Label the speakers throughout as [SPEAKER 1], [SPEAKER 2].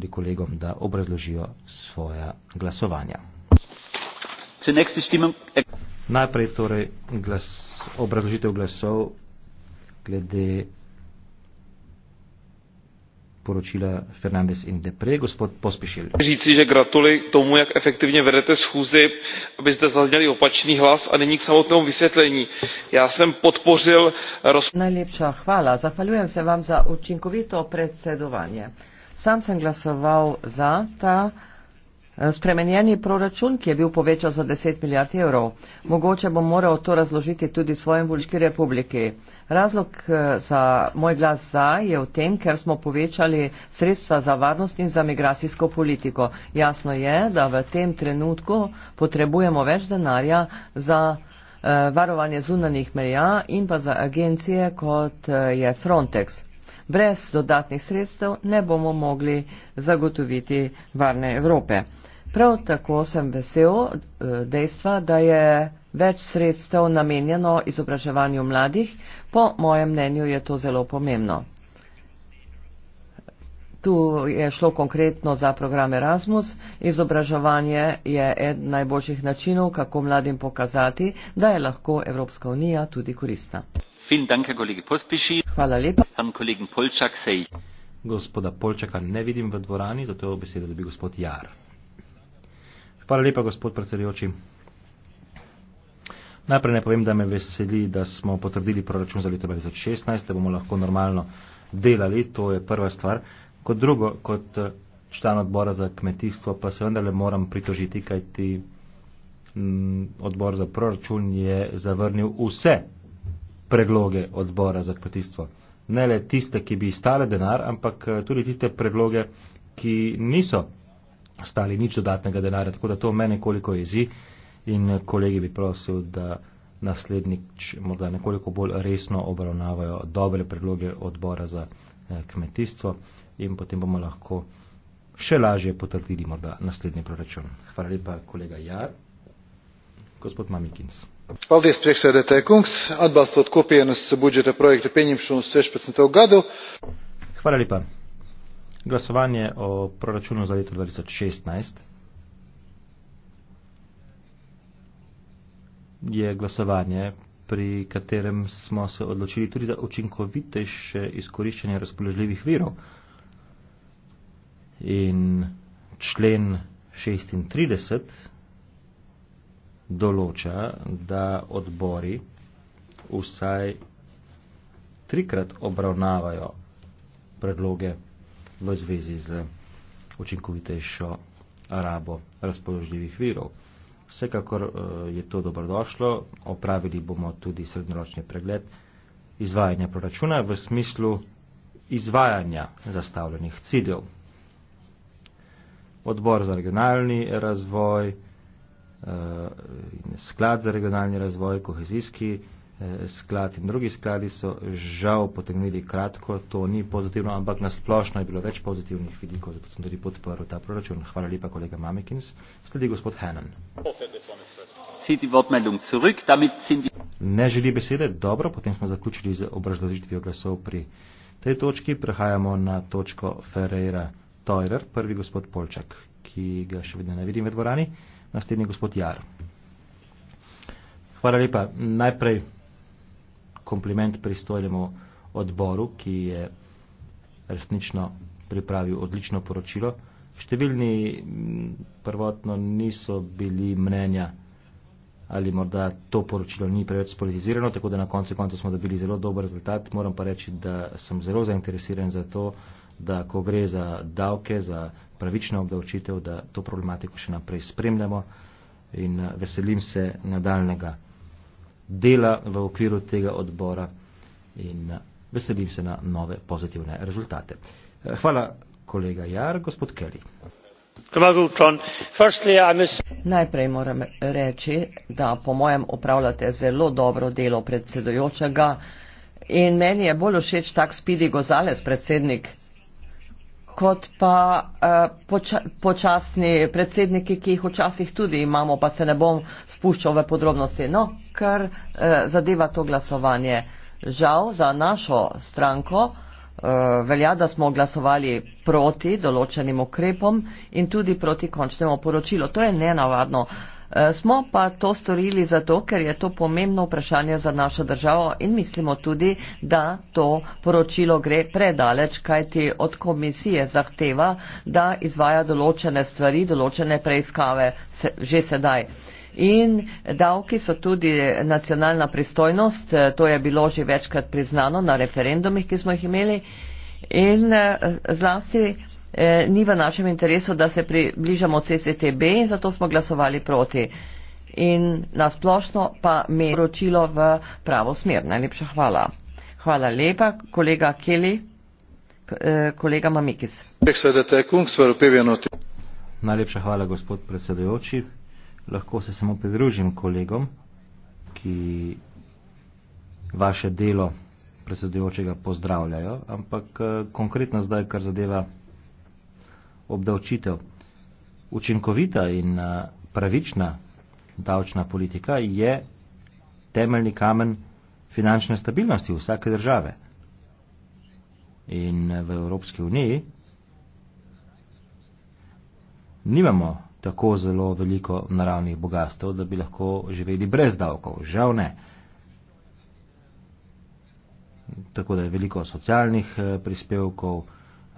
[SPEAKER 1] tudi kolegom, da obrazložijo svoja glasovanja. Najprej torej glas, obrazložitev glasov glede poročila Fernandez in Depre, gospod Pospišil. Říci, že gratuli tomu, jak efektivně vedete schůzi, aby zde zazněli opačný hlas a nyní k samotnému vysvětlení. Já jsem podpořil... Roz...
[SPEAKER 2] Najlepša chvála. Zafalujem se vám za účinkovito predsedování. Sam sem glasoval za ta eh, spremenjeni proračun, ki je bil povečal za 10 milijard evrov. Mogoče bom moral to razložiti tudi svojem Vuljški republiki. Razlog eh, za moj glas za je v tem, ker smo povečali sredstva za varnost in za migracijsko politiko. Jasno je, da v tem trenutku potrebujemo več denarja za eh, varovanje zunanih meja in pa za agencije, kot je Frontex brez dodatnih sredstev ne bomo mogli zagotoviti varne Evrope. Prav tako sem vesel eh, dejstva, da je več sredstev namenjeno izobraževanju mladih. Po mojem mnenju je to zelo pomembno. Tu je šlo konkretno za program Erasmus. Izobraževanje je eden najboljših načinov, kako mladim pokazati, da je lahko Evropska unija tudi koristna. Hvala lepa. Gospoda Polčaka ne vidim v dvorani,
[SPEAKER 1] zato je besedo dobil gospod Jar. Hvala lepa, gospod predsedujoči. Najprej ne povem, da me veseli, da smo potrdili proračun za leto 2016, da bomo lahko normalno delali, to je prva stvar. Kot drugo, kot eh, član odbora za kmetijstvo, pa se vendarle moram pritožiti, kajti mm, odbor za proračun je zavrnil vse predloge odbora za kmetijstvo. Ne le tiste, ki bi stale denar, ampak eh, tudi tiste predloge, ki niso stali nič dodatnega denarja. Tako da to mene nekoliko jezi in eh, kolegi bi prosil, da naslednjič morda nekoliko bolj resno obravnavajo dobre predloge odbora za eh, kmetijstvo in potem bomo lahko še lažje potrdili morda naslednji proračun. Hvala lepa, kolega Jar paldies priekšsēdētāja kungs atbalstot kopienas budžeta projekta pieņemšanu uz sešpadsmito gadu Голосование о прорачуну за лето 2016 je glasovanje, pri katerem smo se odločili tudi za učinkovitejše izkoriščanje razpoložljivih virov. In člen 36 določa, da odbori vsaj trikrat obravnavajo predloge v zvezi z učinkovitejšo rabo razpoložljivih virov. Vsekakor eh, je to dobrodošlo, opravili bomo tudi srednjeročni pregled izvajanja proračuna v smislu izvajanja zastavljenih ciljev. Odbor za regionalni razvoj Eh, in sklad za regionalni razvoj, kohezijski eh, sklad in drugi skladi so žal potegnili kratko, to ni pozitivno, ampak nasplošno je bilo več pozitivnih vidikov, zato sem tudi podporil ta proračun. Hvala lepa, kolega Mamikins. Sledi gospod Hannan. Ne želi besede? Dobro, potem smo zaključili z obrazložitvijo glasov pri tej točki. Prehajamo na točko Ferreira Teurer, prvi gospod Polčak, ki ga še vedno ne vidim v dvorani naslednji gospod Jar. Hvala lepa. Najprej kompliment pristojnemu odboru, ki je resnično pripravil odlično poročilo. Številni mm, prvotno niso bili mnenja, ali morda to poročilo ni preveč spolitizirano, tako da na koncu konca smo dobili zelo dober rezultat. Moram pa reči, da sem zelo zainteresiran za to, da ko gre za davke, za pravično obdavčitev, da to problematiko še naprej spremljamo in eh, veselim se nadaljnega dela v okviru tega odbora in eh, veselim se na nove pozitivne rezultate. Eh, hvala kolega Jar, gospod Kelly.
[SPEAKER 2] Najprej moram reči, da po mojem upravljate zelo dobro delo predsedojočega in meni je bolj všeč tak Spidi Gozales, predsednik kot pa uh, poča, počasni predsedniki, ki jih včasih tudi imamo, pa se ne bom spuščal v podrobnosti. No, kar uh, zadeva to glasovanje. Žal za našo stranko uh, velja, da smo glasovali proti določenim ukrepom in tudi proti končnemu poročilu. To je nenavadno. Uh, Eh, smo pa to storili zato, ker je to pomembno vprašanje za našo državo in mislimo tudi, da to poročilo gre predaleč, kajti od komisije zahteva, da izvaja določene stvari, določene preiskave se, že sedaj. In davki so tudi nacionalna pristojnost, eh, to je bilo že večkrat priznano na referendumih, ki smo jih imeli. In eh, zlasti eh, ni v našem interesu, da se približamo CCTB in zato smo glasovali proti. In nasplošno pa me je ročilo v pravo smer. Najlepša hvala. Hvala lepa, kolega Kelly, eh, kolega Mamikis.
[SPEAKER 1] Najlepša hvala, gospod predsedujoči. Lahko se samo pridružim kolegom, ki vaše delo predsedujočega pozdravljajo, ampak eh, konkretno zdaj, kar zadeva obdavčitev. Učinkovita in eh, pravična davčna politika je temeljni kamen finančne stabilnosti vsake države. In eh, v Evropski uniji nimamo tako zelo veliko naravnih bogatstev, da bi lahko živeli brez davkov. Žal ne. Tako da je veliko socialnih eh, prispevkov,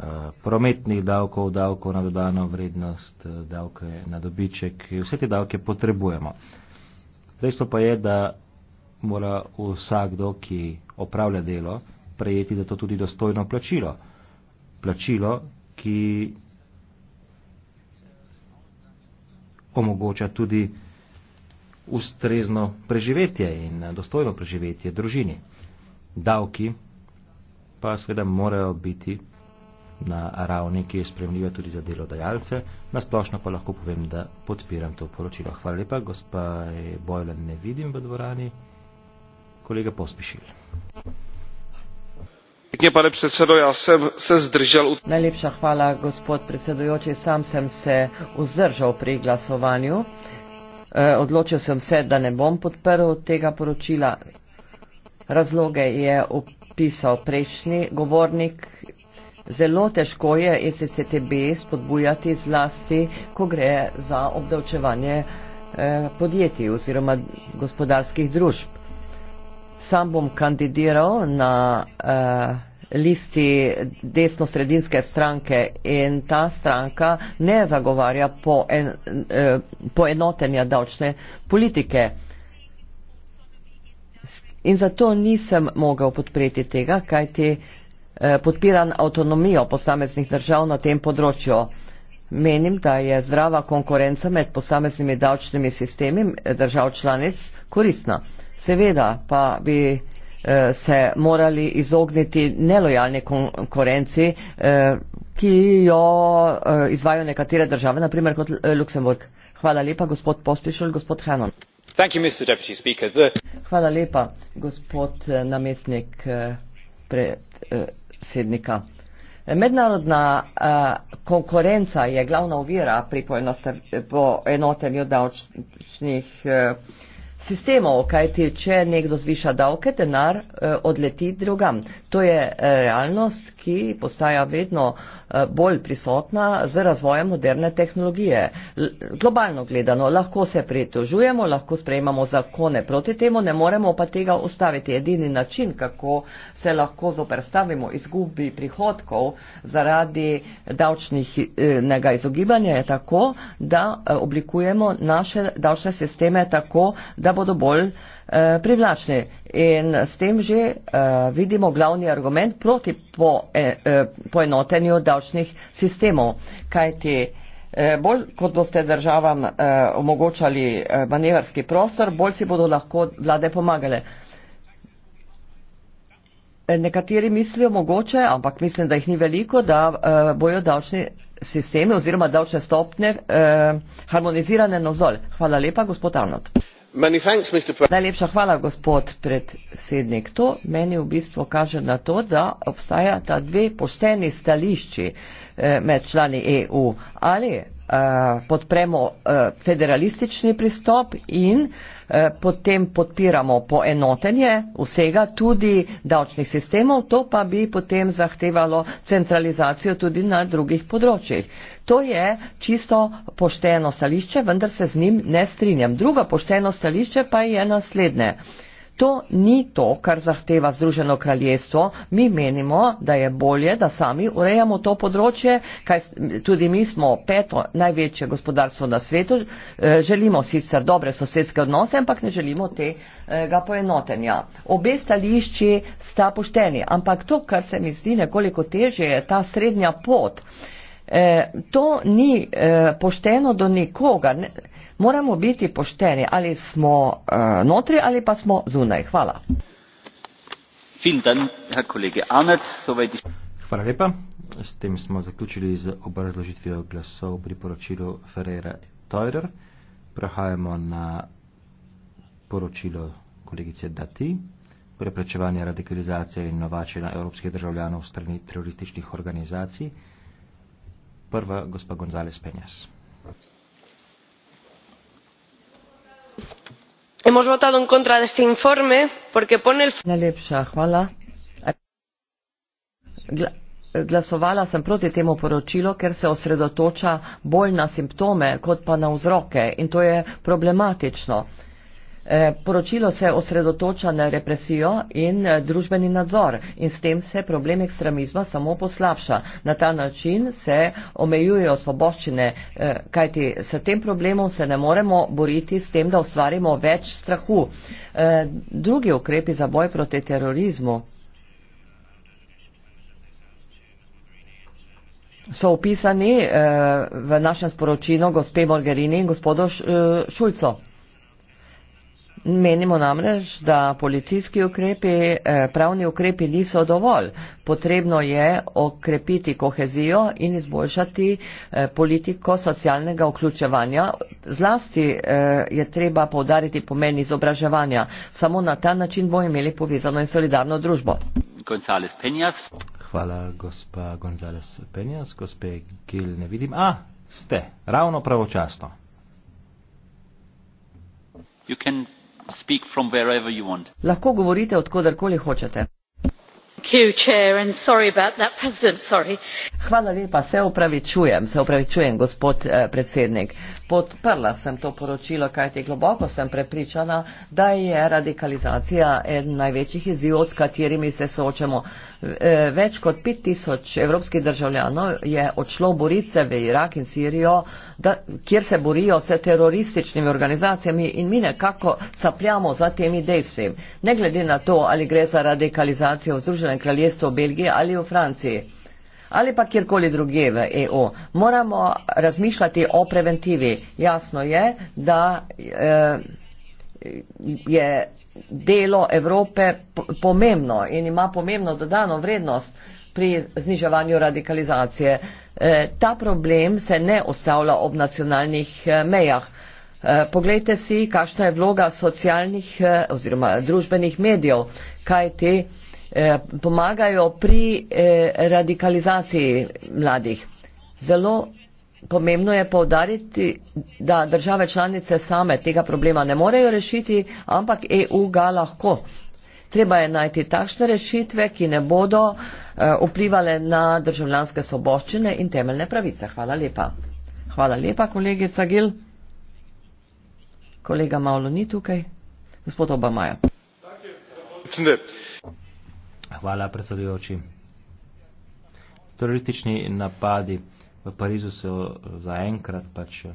[SPEAKER 1] Eh, prometnih davkov, davkov na dodano vrednost, eh, davke na dobiček. Vse te davke potrebujemo. Dejstvo pa je, da mora vsakdo, ki opravlja delo, prejeti za to tudi dostojno plačilo. Plačilo, ki omogoča tudi ustrezno preživetje in eh, dostojno preživetje družini. Davki pa seveda morajo biti na ravni, ki je spremljiva tudi za delodajalce. Nasplošno pa lahko povem, da podpiram to poročilo. Hvala lepa, gospa Bojla, ne vidim v dvorani. Kolega Pospišil. Pekne, pane predsedo, ja sem se zdržal.
[SPEAKER 2] Najlepša hvala, gospod predsedojoči. Sam sem se vzdržal pri glasovanju. E, odločil sem se, da ne bom podprl tega poročila. Razloge je opisal prejšnji govornik Zelo težko je SCTB spodbujati zlasti, ko gre za obdavčevanje eh, podjetij oziroma gospodarskih družb. Sam bom kandidiral na eh, listi desno-sredinske stranke in ta stranka ne zagovarja poen, eh, poenotenja davčne politike. In zato nisem mogel podpreti tega, kaj te. Eh, Eh, podpiran avtonomijo posameznih držav na tem področju. Menim, da je zdrava konkurenca med posameznimi davčnimi sistemi eh, držav članic koristna. Seveda pa bi eh, se morali izogniti nelojalni konkurenci, ki jo izvajo nekatere države, naprimer kot Luksemburg. Hvala lepa, gospod Pospišol, gospod Hanon. Hvala lepa, gospod namestnik. Pre, eh, sednika. Mednarodna uh, konkurenca je glavna ovira pri poenotenju davčnih uh, sistemov, kajti če nekdo zviša davke, denar uh, odleti drugam. To je realnost, ki postaja vedno uh, Eh, bolj prisotna z razvojem moderne tehnologije. Globalno gledano lahko se pritožujemo, lahko sprejemamo zakone proti temu, ne moremo pa tega ustaviti. Edini način, kako se lahko zoprstavimo izgubi prihodkov zaradi davčnega eh, izogibanja, je tako, da eh, oblikujemo naše davčne sisteme tako, da bodo bolj Eh, privlačni. In s tem že uh, vidimo glavni argument proti po, eh, eh, poenotenju davčnih sistemov. Kajti eh, bolj, kot boste državam eh, omogočali eh, manevrski prostor, bolj si bodo lahko vlade pomagale. Nekateri mislijo mogoče, ampak mislim, da jih ni veliko, da eh, bojo davčni sistemi oziroma davčne stopne eh, harmonizirane na zol. Hvala lepa, gospod Arnold. Najlepša hvala, gospod predsednik. To meni v bistvu kaže na to, da obstaja ta dve pošteni stališči eh, med člani EU. Ali uh, podpremo uh, federalistični pristop in uh, potem podpiramo poenotenje vsega, tudi davčnih sistemov, to pa bi potem zahtevalo centralizacijo tudi na drugih področjih. To je čisto pošteno stališče, vendar se z njim ne strinjam. Drugo pošteno stališče pa je naslednje. Uh, To ni to, kar zahteva Združeno kraljestvo. Mi menimo, da je bolje, da sami urejamo to področje, kaj tudi mi smo peto največje gospodarstvo na svetu. E, želimo sicer dobre sosedske odnose, ampak ne želimo tega poenotenja. Obe stališči sta pošteni, ampak to, kar se mi zdi nekoliko teže, je ta srednja pot. E, to ni e, pošteno do nikoga. Ne, moramo biti pošteni, ali smo e, notri ali pa smo zunaj. Hvala. Hvala lepa.
[SPEAKER 1] S tem smo zaključili z obrazložitvijo glasov pri poročilu Ferreira Teurer. Prehajamo na poročilo kolegice Dati. Preprečevanje radikalizacije in novačenja evropskih državljanov strani terorističnih organizacij. Prva, gospa Gonzales Penjas.
[SPEAKER 2] Hemos votado en contra de este informe porque pone el... Najlepša hvala. Glasovala sem proti temu poročilu, ker se osredotoča bolj na simptome kot pa na vzroke in to je problematično. Eh, poročilo se osredotoča na represijo in eh, družbeni nadzor in s tem se problem ekstremizma samo poslabša. Na ta način se omejujejo svoboščine, eh, kajti s tem problemom se ne moremo boriti s tem, da ustvarimo več strahu. Drugi ukrepi za boj proti terorizmu. so opisani eh, v našem sporočilu gospe Morgerini in gospodu Šulco. Eh, Menimo namreč, da policijski ukrepi, eh, pravni ukrepi niso dovolj. Potrebno je okrepiti kohezijo in izboljšati eh, politiko socialnega vključevanja. Zlasti eh, je treba povdariti pomen izobraževanja. Samo na ta način bomo imeli povezano in solidarno družbo.
[SPEAKER 1] Hvala, gospa González Penjas. Gospe Gil, ne vidim. A, ste, ravno pravočasno.
[SPEAKER 2] Lahko govorite odkudkoli hočete podprla sem to poročilo kajti globoko sem prepričana da je radikalizacija eden največjih izzivov s katerimi se soočamo eh, več kot pet tisoč evropskih državljanov je odšlo borice v irak in sirijo da, kjer se borijo s terorističnimi organizacijami in mi nekako capljamo za temi dejstvi ne glede na to ali gre za radikalizacijo v združenem Združeno kraljestvo, Belgije ali v Franciji ali pa kjerkoli druge v EU. Moramo razmišljati o preventivi. Jasno je, da eh, je delo Evrope pomembno in ima pomembno dodano vrednost pri zniževanju radikalizacije. Eh, ta problem se ne ostavlja ob nacionalnih eh, mejah. Poglejte si, kakšna je vloga socialnih oziroma družbenih medijev, kaj te Eh, pomagajo pri eh, radikalizaciji mladih. Zelo pomembno je povdariti, da države članice same tega problema ne morejo rešiti, ampak EU ga lahko. Treba je najti takšne rešitve, ki ne bodo eh, vplivale na državljanske svoboščine in temeljne pravice. Hvala lepa. Hvala lepa, kolegica Gil. Kolega Maulo ni tukaj. Gospod Obama je.
[SPEAKER 1] Tako je. Hvala, predsedujoči. Teroristični napadi v Parizu so eh, zaenkrat pač eh,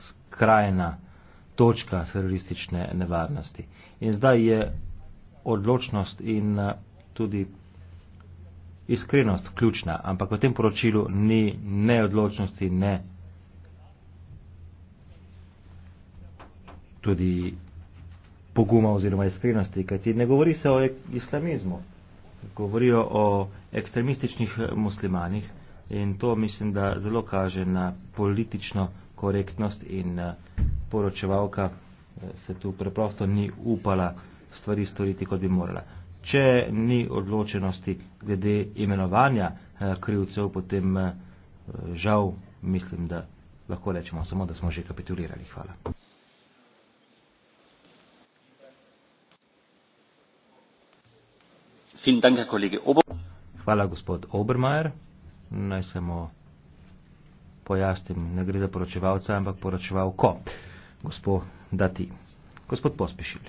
[SPEAKER 1] skrajna točka teroristične nevarnosti. In zdaj je odločnost in eh, tudi iskrenost ključna, ampak v tem poročilu ni ne odločnosti, ne tudi poguma oziroma iskrenosti, kajti ne govori se o islamizmu govorijo o ekstremističnih muslimanih in to mislim, da zelo kaže na politično korektnost in eh, poročevalka eh, se tu preprosto ni upala stvari storiti, kot bi morala. Če ni odločenosti glede imenovanja eh, krivcev, potem žal mislim, da lahko rečemo samo, da smo že kapitulirali. Hvala. Hvala, gospod Obermajer. Naj samo pojasnim, ne gre za poročevalca, ampak poročeval ko. Gospod Dati. Gospod Pospešil.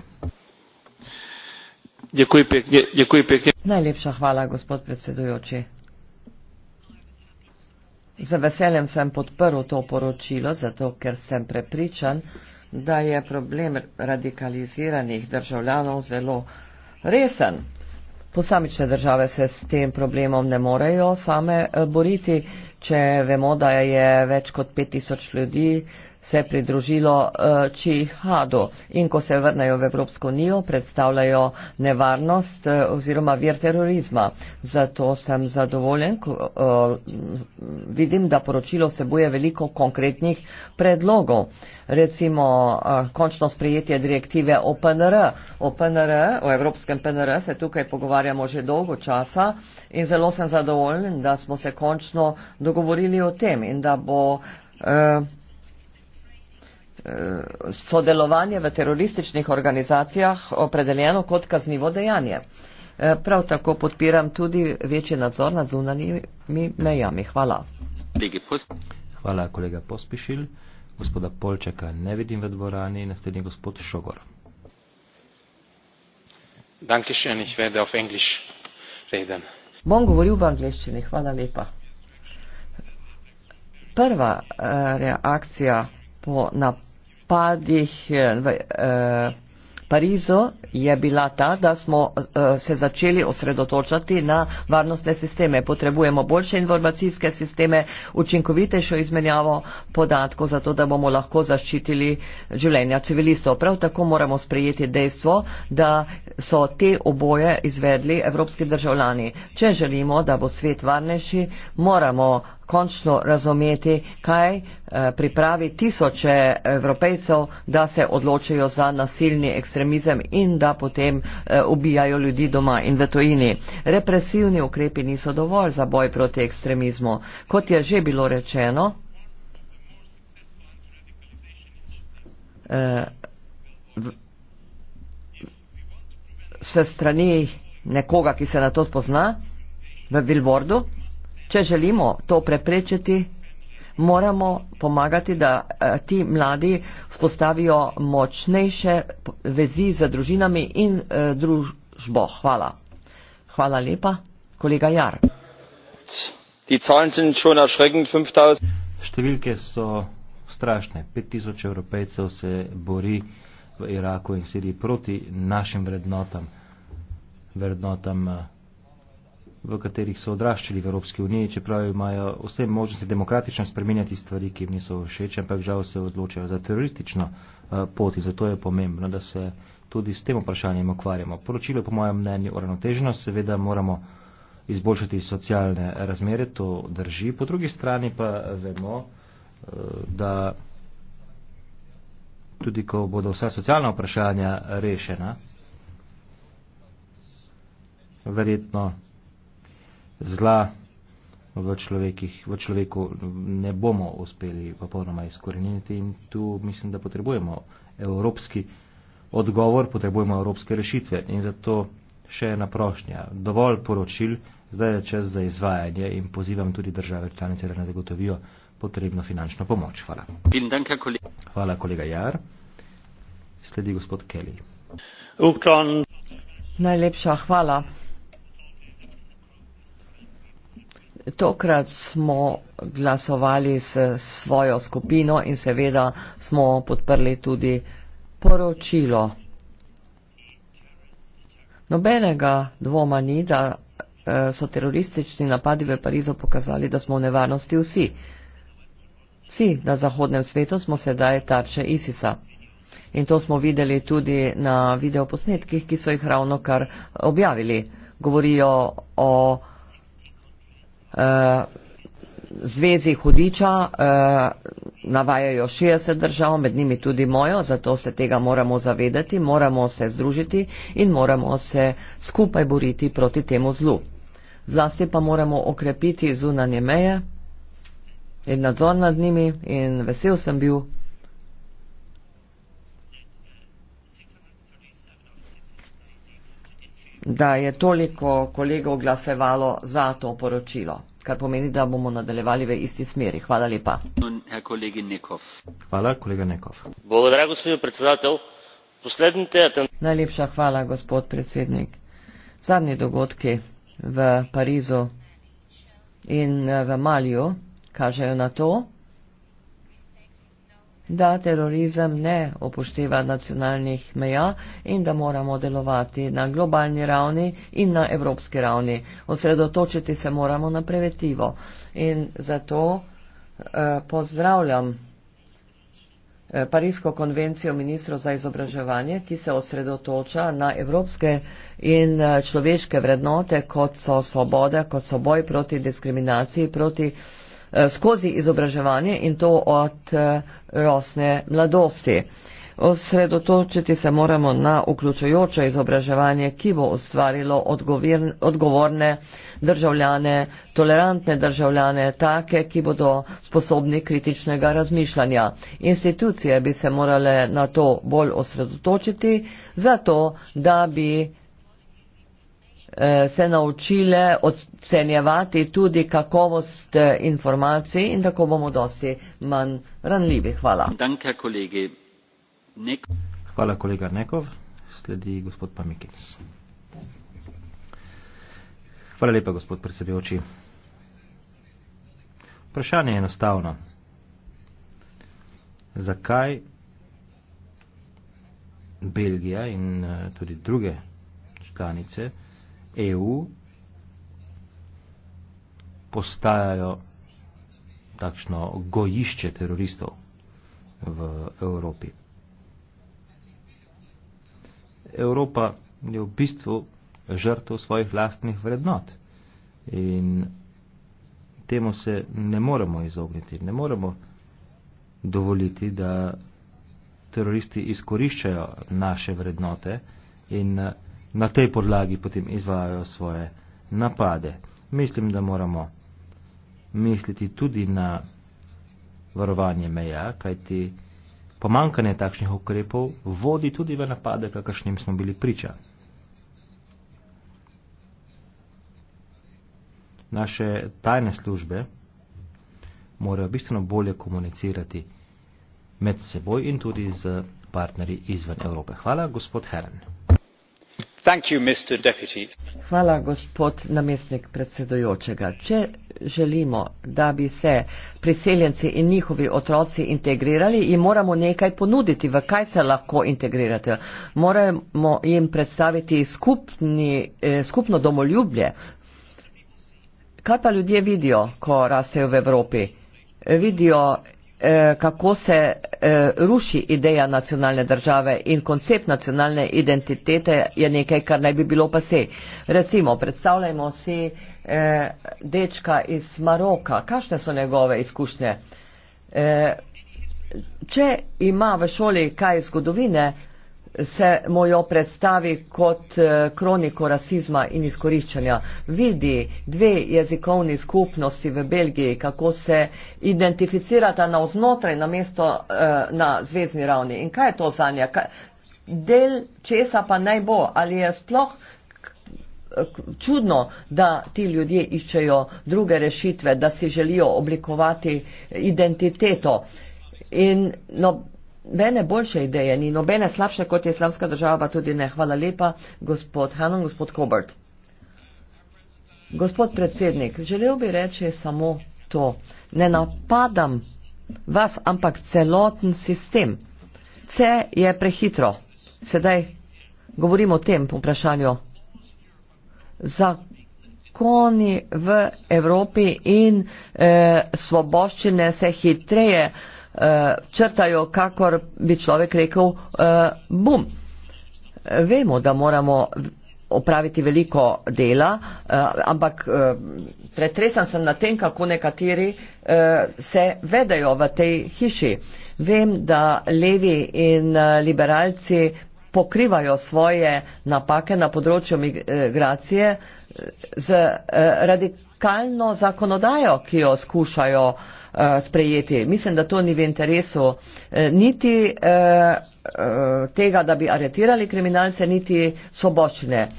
[SPEAKER 2] Děkuji pekne. Najlepša hvala, gospod predsedujoči. Za veseljem sem podprl to poročilo, zato ker sem prepričan, da je problem radikaliziranih državljanov zelo resen posamične države se s tem problemom ne morejo same eh, boriti, če vemo, da je več kot 5000 ljudi uh, se pridružilo Čihadu eh, in ko se vrnajo v Evropsko unijo, predstavljajo nevarnost eh, oziroma vir terorizma. Zato sem zadovoljen, eh, vidim, da poročilo vsebuje veliko konkretnih predlogov. Recimo končno sprejetje direktive OPNR. OPNR, o Evropskem PNR se tukaj pogovarjamo že dolgo časa in zelo sem zadovoljen, da smo se končno dogovorili o tem in da bo Eh, sodelovanje v terorističnih organizacijah opredeljeno kot kaznivo dejanje. Eh, prav tako podpiram tudi večji nadzor nad zunanjimi mejami. Hvala.
[SPEAKER 1] Hvala, kolega Pospišil. Gospoda Polčaka ne vidim v dvorani. Naslednji gospod Šogor. Dankeschön, ich werde auf Englisch reden.
[SPEAKER 2] Bom govoril v angliščini, hvala lepa. Prva eh, reakcija po napadu napadih eh, v eh, Parizu je bila ta, da smo eh, se začeli osredotočati na varnostne sisteme. Potrebujemo boljše informacijske sisteme, učinkovitejšo izmenjavo podatkov, zato da bomo lahko zaščitili življenja civilistov. Prav tako moramo sprejeti dejstvo, da so te oboje izvedli evropski državljani. Če želimo, da bo svet varnejši, moramo končno razumeti, kaj eh, pripravi tisoče evropejcev, da se odločijo za nasilni ekstremizem in da potem eh, ubijajo ljudi doma in v tojini. Represivni ukrepi niso dovolj za boj proti ekstremizmu. Kot je že bilo rečeno, eh, se strani nekoga, ki se na to spozna, v Billboardu, Če želimo to preprečiti, moramo pomagati, da eh, ti mladi spostavijo močnejše vezi z družinami in eh, družbo. Hvala. Hvala lepa, kolega Jar.
[SPEAKER 1] Številke so strašne. 5000 evropejcev se bori v Iraku in Siriji proti našim vrednotam, vrednotam eh, v katerih so odraščali v Evropski uniji, čeprav imajo vse možnosti demokratično spremenjati stvari, ki jim niso všeč, ampak žal se odločajo za teroristično uh, pot in zato je pomembno, da se tudi s tem vprašanjem ukvarjamo. Poročilo je po mojem mnenju uravnoteženo, seveda moramo izboljšati socialne razmere, to drži, po drugi strani pa vemo, uh, da tudi ko bodo vsa socialna vprašanja rešena, verjetno zla v, človekih, v človeku ne bomo uspeli popolnoma izkoreniti in tu mislim, da potrebujemo evropski odgovor, potrebujemo evropske rešitve in zato še ena prošnja. Dovolj poročil, zdaj je čas za izvajanje in pozivam tudi države članice, da ne zagotovijo potrebno finančno pomoč. Hvala. Hvala, kolega Jar. Sledi gospod Kelly. Upkan.
[SPEAKER 2] Najlepša hvala. Tokrat smo glasovali s svojo skupino in seveda smo podprli tudi poročilo. Nobenega dvoma ni, da eh, so teroristični napadi v Parizu pokazali, da smo v nevarnosti vsi. Vsi na zahodnem svetu smo sedaj tarče ISISA. In to smo videli tudi na videoposnetkih, ki so jih ravno kar objavili. Govorijo o Eh, zvezi hudiča eh, navajajo 60 držav, med njimi tudi mojo, zato se tega moramo zavedati, moramo se združiti in moramo se skupaj boriti proti temu zlu. Zlasti pa moramo okrepiti zunanje meje in nadzor nad njimi in vesel sem bil. da je toliko kolegov glasevalo za to poročilo kar pomeni, da bomo nadaljevali v isti smeri. Hvala lepa. Hvala, kolega Nekov.
[SPEAKER 1] Bogodra, gospod predsedatelj, poslednji
[SPEAKER 2] teden. Najlepša hvala, gospod predsednik. Zadnji dogodki v Parizu in eh, v Malju kažejo na to, da terorizem ne upošteva nacionalnih meja in da moramo delovati na globalni ravni in na evropski ravni. Osredotočiti se moramo na preventivo in zato eh, pozdravljam eh, Parijsko konvencijo ministrov za izobraževanje, ki se osredotoča na evropske in eh, človeške vrednote, kot so svoboda, kot so boj proti diskriminaciji, proti eh, Eh, skozi izobraževanje in to od eh, rosne mladosti. Osredotočiti se moramo na vključujoče izobraževanje, ki bo ustvarilo odgovorne državljane, tolerantne državljane, take, ki bodo sposobni kritičnega razmišljanja. Institucije bi se morale na to bolj osredotočiti, zato da bi Eh, se naučile ocenjevati tudi kakovost eh, informacij in tako bomo dosti manj ranljivi. Hvala. Hvala, kolega Nekov.
[SPEAKER 1] Sledi gospod Pamikins. Hvala lepa, gospod predsedujoči. Vprašanje je enostavno. Zakaj Belgija in eh, tudi druge članice EU postajajo takšno gojišče teroristov v Evropi. Evropa je v bistvu žrtev svojih lastnih vrednot in temu se ne moremo izogniti, ne moremo dovoliti, da teroristi izkoriščajo naše vrednote in na tej podlagi potem izvajajo svoje napade. Mislim, da moramo misliti tudi na varovanje meja, kajti pomankanje takšnih ukrepov vodi tudi v napade, kakršnim smo bili priča. Naše tajne službe morajo bistveno bolje komunicirati med seboj in tudi z partnerji izven Evrope. Hvala, gospod Heren.
[SPEAKER 2] Hvala, gospod namestnik predsedujočega. Če želimo, da bi se priseljenci in njihovi otroci integrirali, jim moramo nekaj ponuditi, v kaj se lahko integrirate. Moramo jim predstaviti skupni, eh, skupno domoljublje. Kaj pa ljudje vidijo, ko rastejo v Evropi? Vidijo Eh, kako se eh, ruši ideja nacionalne države in koncept nacionalne identitete je nekaj, kar naj bi bilo pa se. Recimo, predstavljajmo si eh, dečka iz Maroka. Kakšne so njegove izkušnje? Če ima v šoli kaj zgodovine, se mu jo predstavi kot eh, kroniko rasizma in izkoriščanja. Vidi dve jezikovni skupnosti v Belgiji, kako se identificirata na oznotraj, na mesto eh, na zvezdni ravni. In kaj je to za nje? Del česa pa naj bo, ali je sploh eh, čudno, da ti ljudje iščejo druge rešitve, da si želijo oblikovati identiteto. In, no, Mene boljše ideje ni, nobene slabše kot je islamska država, pa tudi ne. Hvala lepa, gospod Hanon, gospod Kobart. Gospod predsednik, želel bi reči samo to. Ne napadam vas, ampak celoten sistem. Vse je prehitro. Sedaj govorimo o tem vprašanju. Zakoni v Evropi in eh, svoboščine se hitreje. Eh, uh, črtajo, kakor bi človek rekel, uh, bum. Vemo, da moramo opraviti veliko dela, uh, ampak uh, pretresan sem na tem, kako nekateri uh, se vedejo v tej hiši. Vem, da levi in uh, liberalci pokrivajo svoje napake na področju migracije z uh, radikalno zakonodajo, ki jo skušajo uh, Eh, sprejeti. Mislim, da to ni v interesu eh, niti eh, tega, da bi aretirali kriminalce, niti sobočne.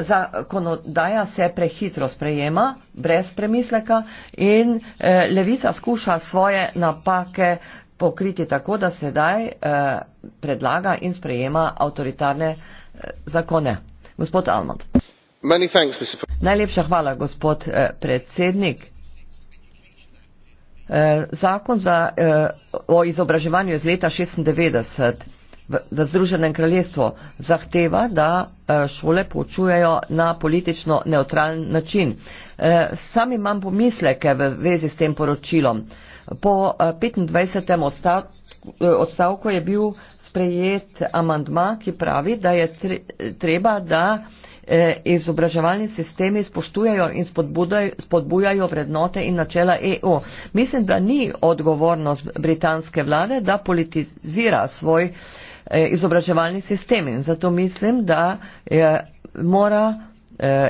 [SPEAKER 2] Zakonodaja se prehitro sprejema, brez premisleka in levica skuša svoje napake pokriti tako, da sedaj predlaga in sprejema avtoritarne zakone. Gospod Almond. Najlepša hvala, gospod predsednik. Eh, zakon za, eh, o izobraževanju iz leta 1996 v Združenem kraljestvu zahteva, da eh, šole poučujejo na politično neutralen način. Sam imam pomisleke v vezi s tem poročilom. Po 25. odstavku je bil sprejet amandma, ki pravi, da je treba, da E, izobraževalni sistemi spoštujajo in spodbujajo vrednote in načela EU. Mislim, da ni odgovornost britanske vlade, da politizira svoj e, izobraževalni sistem in zato mislim, da e, mora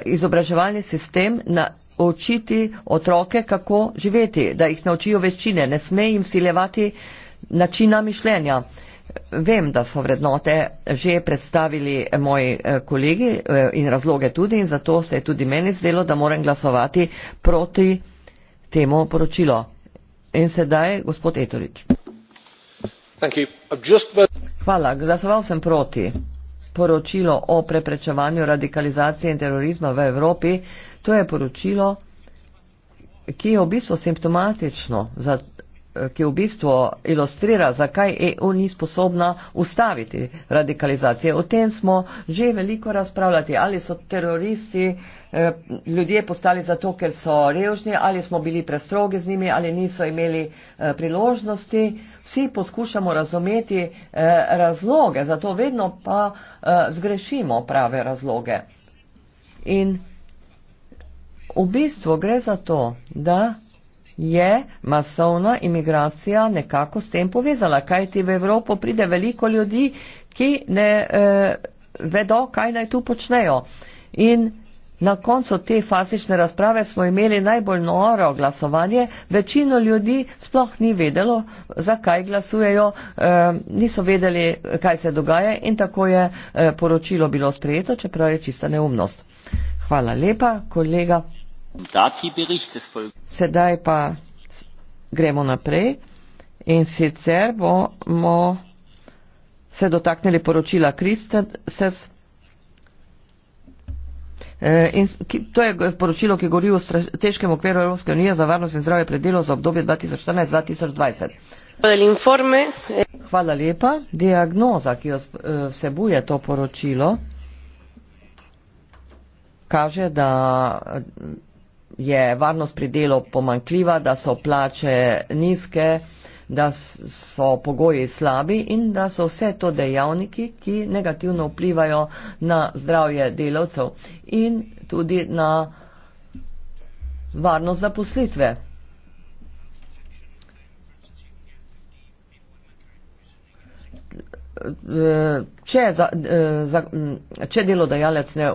[SPEAKER 2] izobraževalni sistem naučiti otroke, kako živeti, da jih naučijo večine, ne sme jim siljevati načina mišljenja. Vem, da so vrednote že predstavili moji eh, kolegi eh, in razloge tudi in zato se je tudi meni zdelo, da moram glasovati proti temu poročilo. In sedaj gospod Etorič. Hvala, glasoval sem proti poročilo o preprečevanju radikalizacije in terorizma v Evropi. To je poročilo, ki je v bistvu simptomatično za ki v bistvu ilustrira, zakaj EU ni sposobna ustaviti radikalizacije. O tem smo že veliko razpravljati, ali so teroristi eh, ljudje postali zato, ker so revžni, ali smo bili prestrogi z njimi, ali niso imeli eh, priložnosti. Vsi poskušamo razumeti eh, razloge, zato vedno pa zgrešimo prave razloge. In v bistvu gre za to, da je masovna imigracija nekako s tem povezala, kajti v Evropo pride veliko ljudi, ki ne eh, vedo, kaj naj tu počnejo. In na koncu te fasične razprave smo imeli najbolj noro glasovanje, večino ljudi sploh ni vedelo, zakaj glasujejo, eh, niso vedeli, kaj se dogaja in tako je eh, poročilo bilo sprejeto, čeprav je čista neumnost. Hvala lepa, kolega. Sedaj pa gremo naprej in sicer bomo se dotaknili poročila Kristenses. Eh, in to je poročilo, ki govori o težkem okviru Evropske unije za varnost in zdravje predelo za obdobje 2014-2020. Eh, Hvala lepa. Diagnoza, ki jo eh, vsebuje to poročilo, kaže, da je varnost pri delu pomankljiva, da so plače nizke, da so pogoji slabi in da so vse to dejavniki, ki negativno vplivajo na zdravje delavcev in tudi na varnost zaposlitve. Če, za, za, če delodajalec ne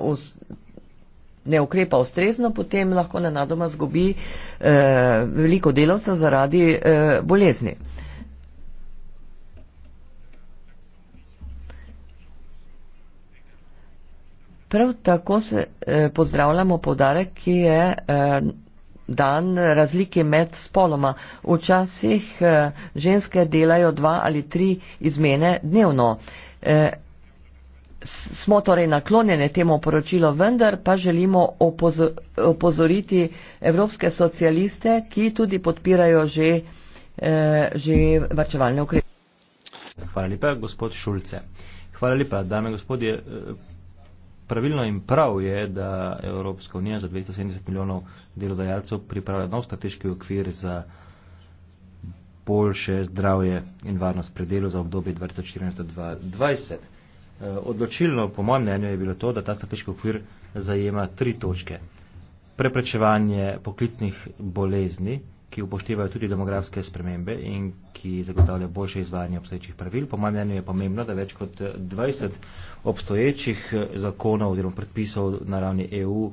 [SPEAKER 2] ne ukrepa ustrezno, potem lahko nenadoma zgubi eh, veliko delavcev zaradi eh, bolezni. Prav tako se eh, pozdravljamo podarek, ki je eh, dan razlike med spoloma. Včasih eh, ženske delajo dva ali tri izmene dnevno. Eh, smo torej naklonjene temu poročilu, vendar pa želimo opozor opozoriti evropske socialiste, ki tudi podpirajo že, eh, že varčevalne ukrepe.
[SPEAKER 1] Hvala lepa, gospod Šulce. Hvala lepa, dame gospodje. Eh, pravilno in prav je, da Evropska unija za 270 milijonov delodajalcev pripravlja nov strateški okvir za boljše zdravje in varnost pri delu za obdobje 2014-2020. Eh, odločilno, po mojem mnenju, je bilo to, da ta strateški okvir zajema tri točke. Preprečevanje poklicnih bolezni, ki upoštevajo tudi demografske spremembe in ki zagotavljajo boljše izvajanje obstoječih pravil. Po mojem mnenju je pomembno, da več kot 20 obstoječih eh, zakonov oziroma predpisov na ravni EU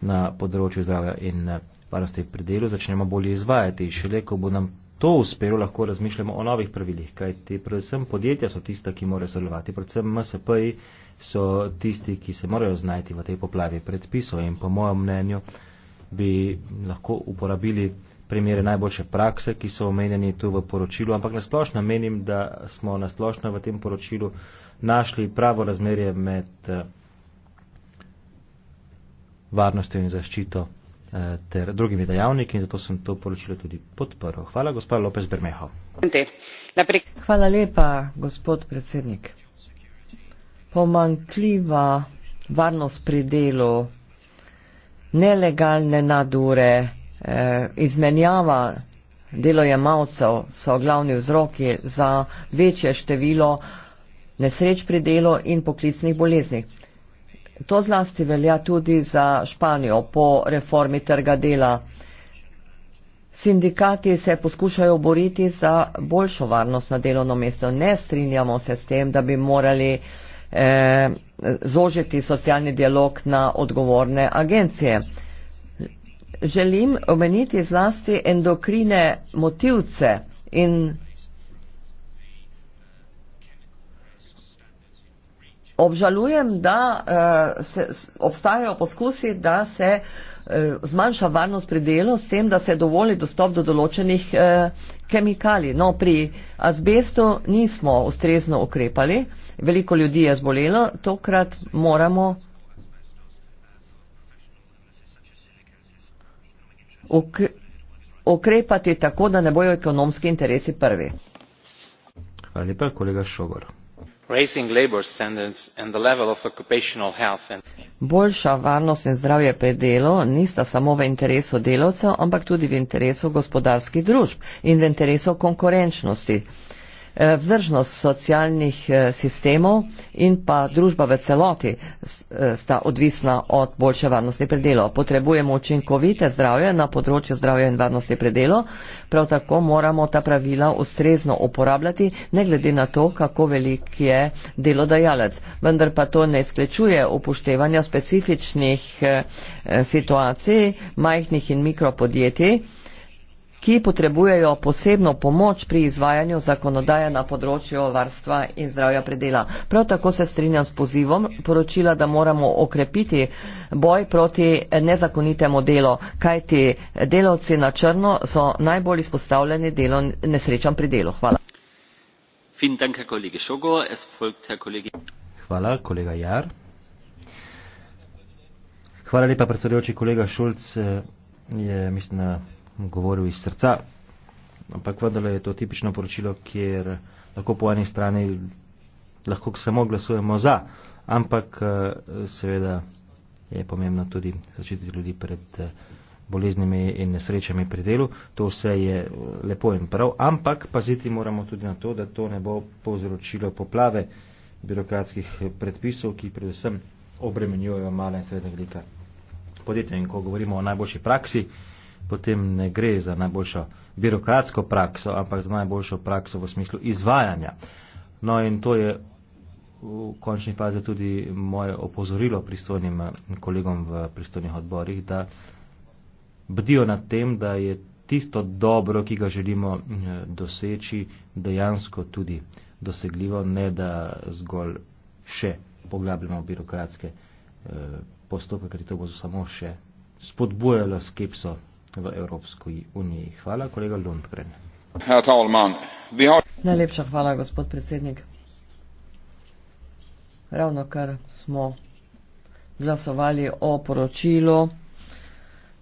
[SPEAKER 1] na področju zdravja in eh, varnosti pri delu začnemo bolje izvajati. Šele, ko bo nam to uspelo, lahko razmišljamo o novih pravilih, kajti predvsem podjetja so tista, ki morajo sodelovati, predvsem MSP-ji so tisti, ki se morajo znajti v tej poplavi predpisov in po mojem mnenju bi lahko uporabili primere najboljše prakse, ki so omenjeni tu v poročilu, ampak nasplošno menim, da smo nasplošno v tem poročilu našli pravo razmerje med eh, varnostjo in zaščito Eh, ter drugimi dejavniki in zato sem to poročilo tudi podprl. Hvala, gospod Lopez Bermeho.
[SPEAKER 2] Hvala lepa, gospod predsednik. Pomankljiva varnost pri delu, nelegalne nadure, eh, izmenjava delojemalcev so glavni vzroki za večje število nesreč pri delu in poklicnih boleznih. To zlasti velja tudi za Španijo po reformi trga dela. Sindikati se poskušajo boriti za boljšo varnost na delovnem mestu. Ne strinjamo se s tem, da bi morali eh, zožiti socialni dialog na odgovorne agencije. Želim omeniti zlasti endokrine motivce in obžalujem, da uh, se, obstajajo poskusi, da se uh, zmanjša varnost pri delu s tem, da se dovoli dostop do določenih uh, kemikalij. No, pri azbestu nismo ustrezno ukrepali, veliko ljudi je zbolelo, tokrat moramo ukrepati tako, da ne bojo ekonomski interesi prvi.
[SPEAKER 1] Hvala lepa, kolega Šogor raising labour standards and the level of occupational health and.
[SPEAKER 2] boljša varnost in zdravje pri delu nista samo v interesu delavcev ampak tudi v interesu gospodarskih družb in v interesu konkurenčnosti. Eh, vzdržnost socialnih eh, sistemov in pa družba v celoti eh, sta odvisna od boljše varnosti predelo. Potrebujemo učinkovite zdravje na področju zdravja in varnosti predelo. Prav tako moramo ta pravila ustrezno uporabljati, ne glede na to, kako velik je delodajalec. Vendar pa to ne izključuje upoštevanja specifičnih situacij majhnih in mikropodjetij ki potrebujejo posebno pomoč pri izvajanju zakonodaje na področju varstva in zdravja predela. Prav tako se strinjam s pozivom poročila, da moramo okrepiti boj proti nezakonitemu delu, kajti delavci na črno so najbolj izpostavljeni delo nesrečam pri delu. Hvala. Hvala, kolega
[SPEAKER 1] Jar. Hvala lepa, predsedujoči kolega Šulc. Eh, je, mislim, govoril iz srca. Ampak vendarle je to tipično poročilo, kjer lahko po eni strani lahko samo glasujemo za, ampak eh, seveda je pomembno tudi začititi ljudi pred eh, boleznimi in nesrečami pri delu. To vse je eh, lepo in prav, ampak paziti moramo tudi na to, da to ne bo povzročilo poplave birokratskih predpisov, ki predvsem obremenjujejo male in srednje velika podjetja. In ko govorimo o najboljši praksi, potem ne gre za najboljšo birokratsko prakso, ampak za najboljšo prakso v smislu izvajanja. No in to je v končni fazi tudi moje opozorilo pristojnim eh, kolegom v pristojnih odborih, da bdijo nad tem, da je tisto dobro, ki ga želimo eh, doseči, dejansko tudi dosegljivo, ne da zgolj še poglabljamo birokratske eh, postopke, ker to bo samo še spodbujalo skepso v Evropski uniji. Hvala, kolega Lundgren.
[SPEAKER 2] Najlepša hvala, gospod predsednik. Ravno kar smo glasovali o poročilu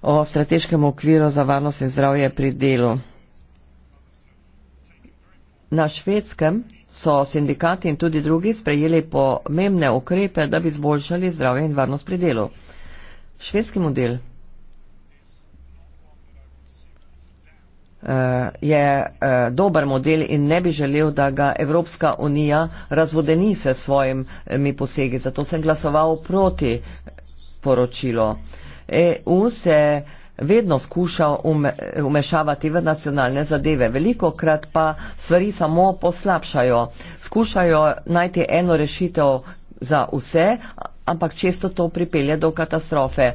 [SPEAKER 2] o strateškem okviru za varnost in zdravje pri delu. Na švedskem so sindikati in tudi drugi sprejeli pomembne ukrepe, da bi zboljšali zdravje in varnost pri delu. Švedski model Eh, je eh, dober model in ne bi želel, da ga Evropska unija razvodeni se svojimi eh, posegi. Zato sem glasoval proti poročilo. EU se vedno skuša umešavati v nacionalne zadeve, veliko krat pa stvari samo poslabšajo. Skušajo najti eno rešitev za vse, ampak često to pripelje do katastrofe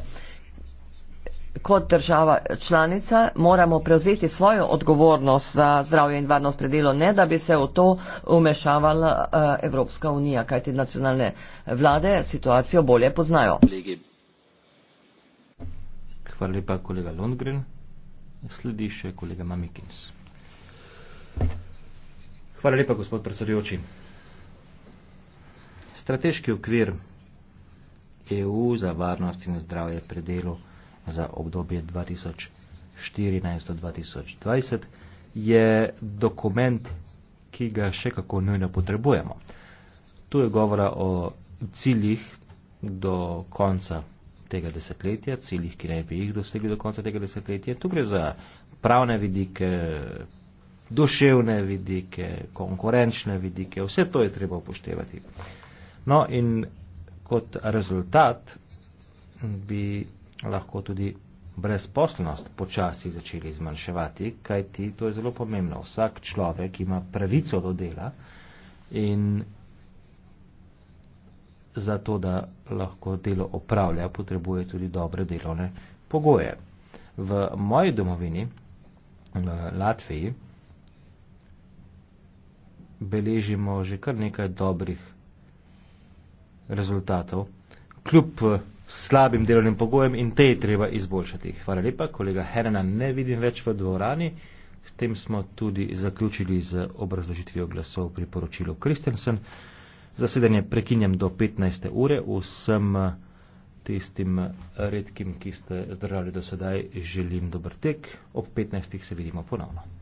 [SPEAKER 2] kot država članica moramo prevzeti svojo odgovornost za zdravje in varnost pri delu, ne da bi se v to umešavala eh, Evropska unija, kajti nacionalne vlade situacijo bolje poznajo.
[SPEAKER 1] Hvala lepa kolega Lundgren. Sledi še kolega Mamikins. Hvala lepa, gospod predsedujoči. Strateški okvir EU za varnost in zdravje pri delu 2014-2020 za obdobje 2014-2020, je dokument, ki ga še kako nujno potrebujemo. Tu je govora o ciljih do konca tega desetletja, ciljih, ki naj bi jih dosegli do konca tega desetletja. Tu gre za pravne vidike, duševne vidike, konkurenčne vidike, vse to je treba upoštevati. No in kot rezultat bi lahko tudi brezposlenost počasi začeli zmanjševati, kajti to je zelo pomembno. Vsak človek ima pravico do dela in za to, da lahko delo opravlja, potrebuje tudi dobre delovne pogoje. V moji domovini, v Latviji, beležimo že kar nekaj dobrih rezultatov, kljub slabim delovnim pogojem in te je treba izboljšati. Hvala lepa, kolega Herena ne vidim več v dvorani. S tem smo tudi zaključili z obrazložitvijo glasov pri poročilu Kristensen. Zasedanje prekinjam do 15. ure. Vsem eh, tistim eh, redkim, ki ste zdržali do sedaj, želim dober tek. Ob 15. se vidimo ponovno.